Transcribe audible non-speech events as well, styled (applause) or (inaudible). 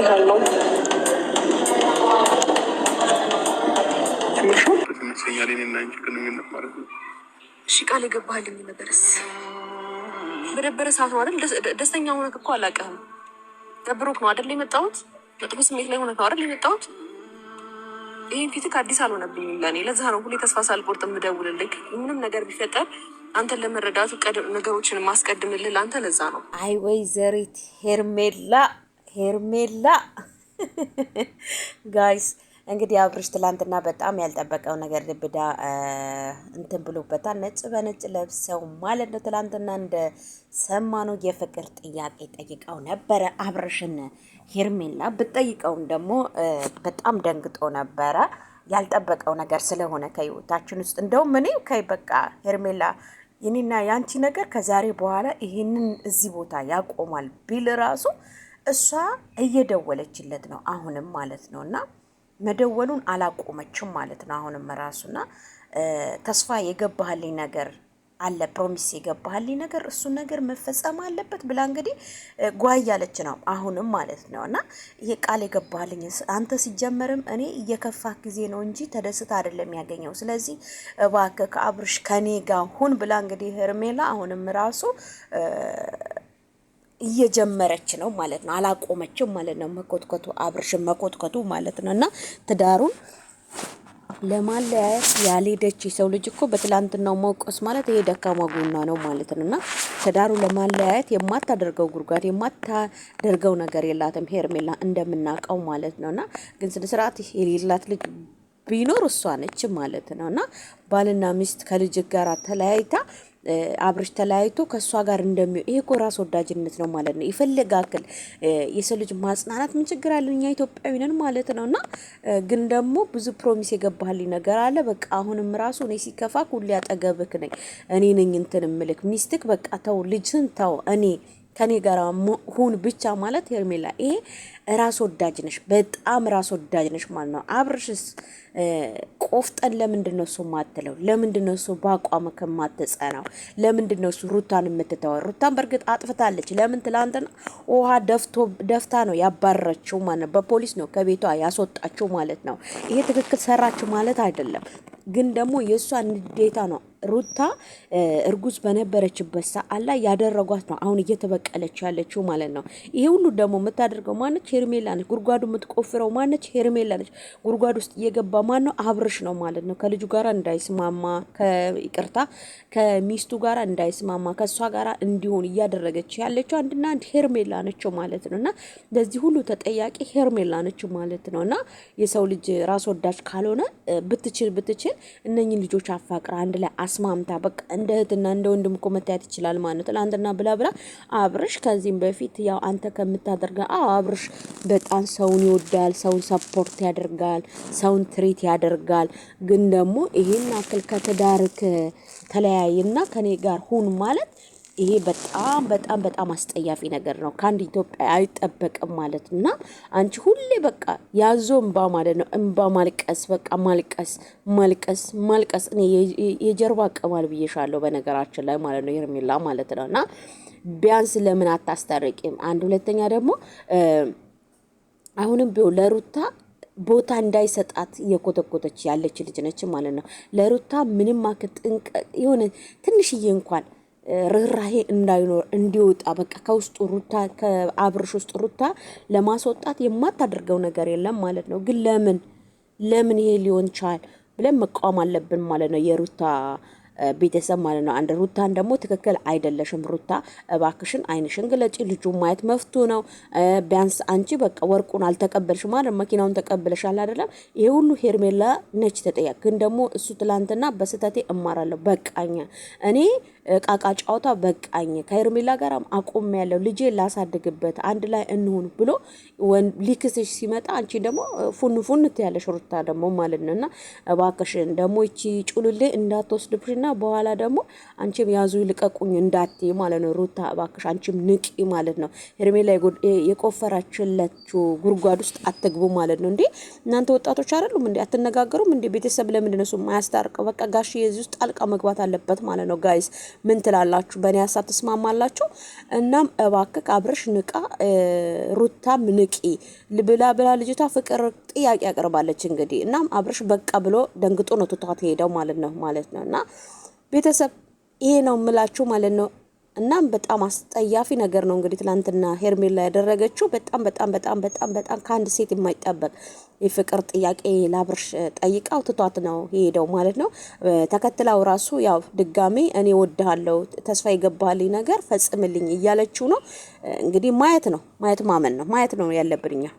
እፈልጋለሁ። እሺ ቃል የገባህልኝ ነበረስ በደበረ ሰዓት ነው አይደል? ደስተኛ ሆነህ እኮ አላውቅህም። ደብሮክ ነው አይደል የመጣሁት? መጥፎ ስሜት ላይ ሆነህ ነው አይደል የመጣሁት? ይህን ፊትህ አዲስ አልሆነብኝም ለእኔ። ለዛ ነው ሁሌ ተስፋ ሳልቆርጥ የምደውልልህ። ምንም ነገር ቢፈጠር አንተን ለመረዳቱ ነገሮችን ማስቀድምልህ ለአንተ። ለዛ ነው አይ ወይዘሪት ሄርሜላ ሄርሜላ (laughs) ጋይስ እንግዲህ አብርሽ ትላንትና በጣም ያልጠበቀው ነገር ልብዳ እንትን ብሎበታል። ነጭ በነጭ ለብሰው ማለት ነው። ትላንትና እንደ ሰማነው የፍቅር ጥያቄ ጠይቀው ነበረ አብርሽን ሄርሜላ። ብጠይቀውም ደግሞ በጣም ደንግጦ ነበረ ያልጠበቀው ነገር ስለሆነ ከህይወታችን ውስጥ እንደውም እኔ ከይ በቃ ሄርሜላ የኔና የአንቺ ነገር ከዛሬ በኋላ ይሄንን እዚህ ቦታ ያቆማል ቢል ራሱ እሷ እየደወለችለት ነው አሁንም ማለት ነው። እና መደወሉን አላቆመችም ማለት ነው። አሁንም ራሱና ተስፋ የገባህልኝ ነገር አለ ፕሮሚስ የገባህልኝ ነገር እሱ ነገር መፈጸም አለበት ብላ እንግዲህ ጓይ ያለች ነው አሁንም ማለት ነው። እና ይሄ ቃል የገባህልኝ አንተ ሲጀመርም እኔ እየከፋህ ጊዜ ነው እንጂ ተደስታ አይደለም ያገኘው። ስለዚህ እባክህ ከአብርሽ ከኔ ጋር ሁን ብላ እንግዲህ ሄርሜላ አሁንም ራሱ እየጀመረች ነው ማለት ነው። አላቆመችም ማለት ነው። መኮትኮቱ አብርሽን መኮትኮቱ ማለት ነው እና ትዳሩን ለማለያየት ያልሄደች የሰው ልጅ እኮ በትላንትናው መውቀስ ማለት ይሄ ደካማ ጎኗ ነው ማለት ነው እና ትዳሩ ለማለያየት የማታደርገው ጉድጓድ የማታደርገው ነገር የላትም ሄርሜላ እንደምናውቀው ማለት ነው እና ግን ስነ ስርዓት የሌላት ልጅ ቢኖር እሷ ነች ማለት ነው እና ባልና ሚስት ከልጅ ጋር ተለያይታ አብርሽ ተለያይቶ ከእሷ ጋር እንደሚሆን ይሄ እኮ ራስ ወዳጅነት ነው ማለት ነው። ይፈልጋክል የሰው ልጅ ማጽናናት ምን ችግር አለን? እኛ ኢትዮጵያዊ ነን ማለት ነው። እና ግን ደግሞ ብዙ ፕሮሚስ የገባህልኝ ነገር አለ። በቃ አሁንም ራሱ እኔ ሲከፋ ሁሌ አጠገብክ ነኝ፣ እኔ ነኝ እንትን ምልክ ሚስትክ፣ በቃ ተው ልጅን ተው እኔ ከኔ ጋር ሁን ብቻ ማለት ሄርሜላ፣ ይሄ ራስ ወዳጅ ነሽ፣ በጣም ራስ ወዳጅ ነሽ ማለት ነው። አብርሽስ ቆፍጠን ለምንድን ነው እሱ ማትለው? ለምንድን ነው እሱ በአቋም ከማትጸናው? ለምንድን ነው እሱ ሩታን የምትተወ? ሩታን በእርግጥ አጥፍታለች። ለምን ትላንትና ውሃ ደፍቶ ደፍታ ነው ያባረረችው ማለት ነው። በፖሊስ ነው ከቤቷ ያስወጣችው ማለት ነው። ይሄ ትክክል ሰራችው ማለት አይደለም። ግን ደግሞ የእሷ ንዴታ ነው ሩታ እርጉዝ በነበረችበት ሰዓት ላይ ያደረጓት ነው አሁን እየተበቀለች ያለችው ማለት ነው። ይሄ ሁሉ ደግሞ የምታደርገው ማነች? ሄርሜላ ነች። ጉድጓዱ የምትቆፍረው ማነች? ሄርሜላ ነች። ጉድጓድ ውስጥ እየገባ ማን ነው? አብርሽ ነው ማለት ነው። ከልጁ ጋራ እንዳይስማማ ከቅርታ ከሚስቱ ጋራ እንዳይስማማ ከእሷ ጋራ እንዲሆን እያደረገች ያለችው አንድና አንድ ሄርሜላ ነችው ማለት ነው። እና ለዚህ ሁሉ ተጠያቂ ሄርሜላ ነችው ማለት ነው። እና የሰው ልጅ ራስ ወዳጅ ካልሆነ ብትችል ብትችል እነኝን ልጆች አፋቅራ አንድ ላይ አስማምታ በቃ እንደ እህትና እንደ ወንድም እኮ መታየት ይችላል ማለት ነው። ትላንትና ብላ ብላ አብርሽ ከዚህም በፊት ያው አንተ ከምታደርገ አብርሽ በጣም ሰውን ይወዳል፣ ሰውን ሰፖርት ያደርጋል፣ ሰውን ትሪት ያደርጋል። ግን ደግሞ ይሄን አክል ከተዳርክ ተለያይና ከኔ ጋር ሁን ማለት ይሄ በጣም በጣም በጣም አስጠያፊ ነገር ነው። ከአንድ ኢትዮጵያ አይጠበቅም ማለት እና አንቺ ሁሌ በቃ ያዞ እንባ ማለት ነው። እንባ ማልቀስ፣ በቃ ማልቀስ፣ ማልቀስ፣ ማልቀስ። እኔ የጀርባ ቅማል ብዬሻለሁ በነገራችን ላይ ማለት ነው የርሚላ ማለት ነው እና ቢያንስ ለምን አታስታርቂም? አንድ ሁለተኛ ደግሞ አሁንም ቢሆን ለሩታ ቦታ እንዳይሰጣት እየኮተኮተች ያለች ልጅ ነች ማለት ነው። ለሩታ ምንም አክል ጥንቅ የሆነ ትንሽዬ እንኳን ርኅራሄ እንዳይኖር እንዲወጣ በቃ ከውስጡ ሩታ ከአብርሽ ውስጥ ሩታ ለማስወጣት የማታደርገው ነገር የለም ማለት ነው። ግን ለምን ለምን ይሄ ሊሆን ቻል ብለን መቃወም አለብን ማለት ነው የሩታ ቤተሰብ ማለት ነው። አንድ ሩታን ደግሞ ትክክል አይደለሽም ሩታ፣ እባክሽን አይንሽን ግለጪ። ልጁ ማየት መፍቱ ነው። ቢያንስ አንቺ በቃ ወርቁን አልተቀበልሽ ማለት መኪናውን ተቀብለሻል አይደለም። ይሄ ሁሉ ሄርሜላ ነች ተጠያቂ። ግን ደግሞ እሱ ትላንትና በስህተቴ እማራለሁ በቃኛ እኔ ቃቃ ጫዋታ በቃኝ፣ ከሄርሜላ ጋር አቁም ያለው ልጄ ላሳድግበት፣ አንድ ላይ እንሁን ብሎ ሊክስሽ ሲመጣ አንቺ ደግሞ ፉን ፉን ትያለሽ ሩታ ደግሞ ማለት ነው እና እባክሽን ደግሞ ይቺ ጩልሌ እንዳትወስድብሽና በኋላ ደግሞ አንቺም ያዙ ልቀቁኝ እንዳትዪ ማለት ነው። ሩታ እባክሽ አንቺም ንቂ ማለት ነው። ሄርሜላ የቆፈራችለችው ጉድጓድ ውስጥ አትግቡ ማለት ነው። እንዴ እናንተ ወጣቶች አይደሉም እንዴ? አትነጋገሩም እንዴ? ቤተሰብ ለምንድን ነው እሱ በቃ ጋሽ የዚህ ውስጥ ጣልቃ መግባት አለበት ማለት ነው። ጋይስ ምን ትላላችሁ? በእኔ ሀሳብ ትስማማላችሁ? እናም እባክክ አብረሽ ንቃ፣ ሩታም ንቂ ብላ ብላ ልጅቷ ፍቅር ጥያቄ ያቀርባለች እንግዲህ እናም አብረሽ በቃ ብሎ ደንግጦ ነው ትቷት ሄደው ማለት ነው ማለት ነው እና ቤተሰብ ይሄ ነው የምላችሁ ማለት ነው። እናም በጣም አስጠያፊ ነገር ነው እንግዲህ ትላንትና ሄርሜላ ያደረገችው በጣም በጣም በጣም በጣም በጣም ከአንድ ሴት የማይጠበቅ የፍቅር ጥያቄ ላብርሽ ጠይቃው ትቷት ነው የሄደው ማለት ነው። ተከትላው ራሱ ያው ድጋሜ እኔ ወድሃለው ተስፋ የገባልኝ ነገር ፈጽምልኝ እያለችው ነው እንግዲህ። ማየት ነው ማየት ማመን ነው ማየት ነው ያለብንኛ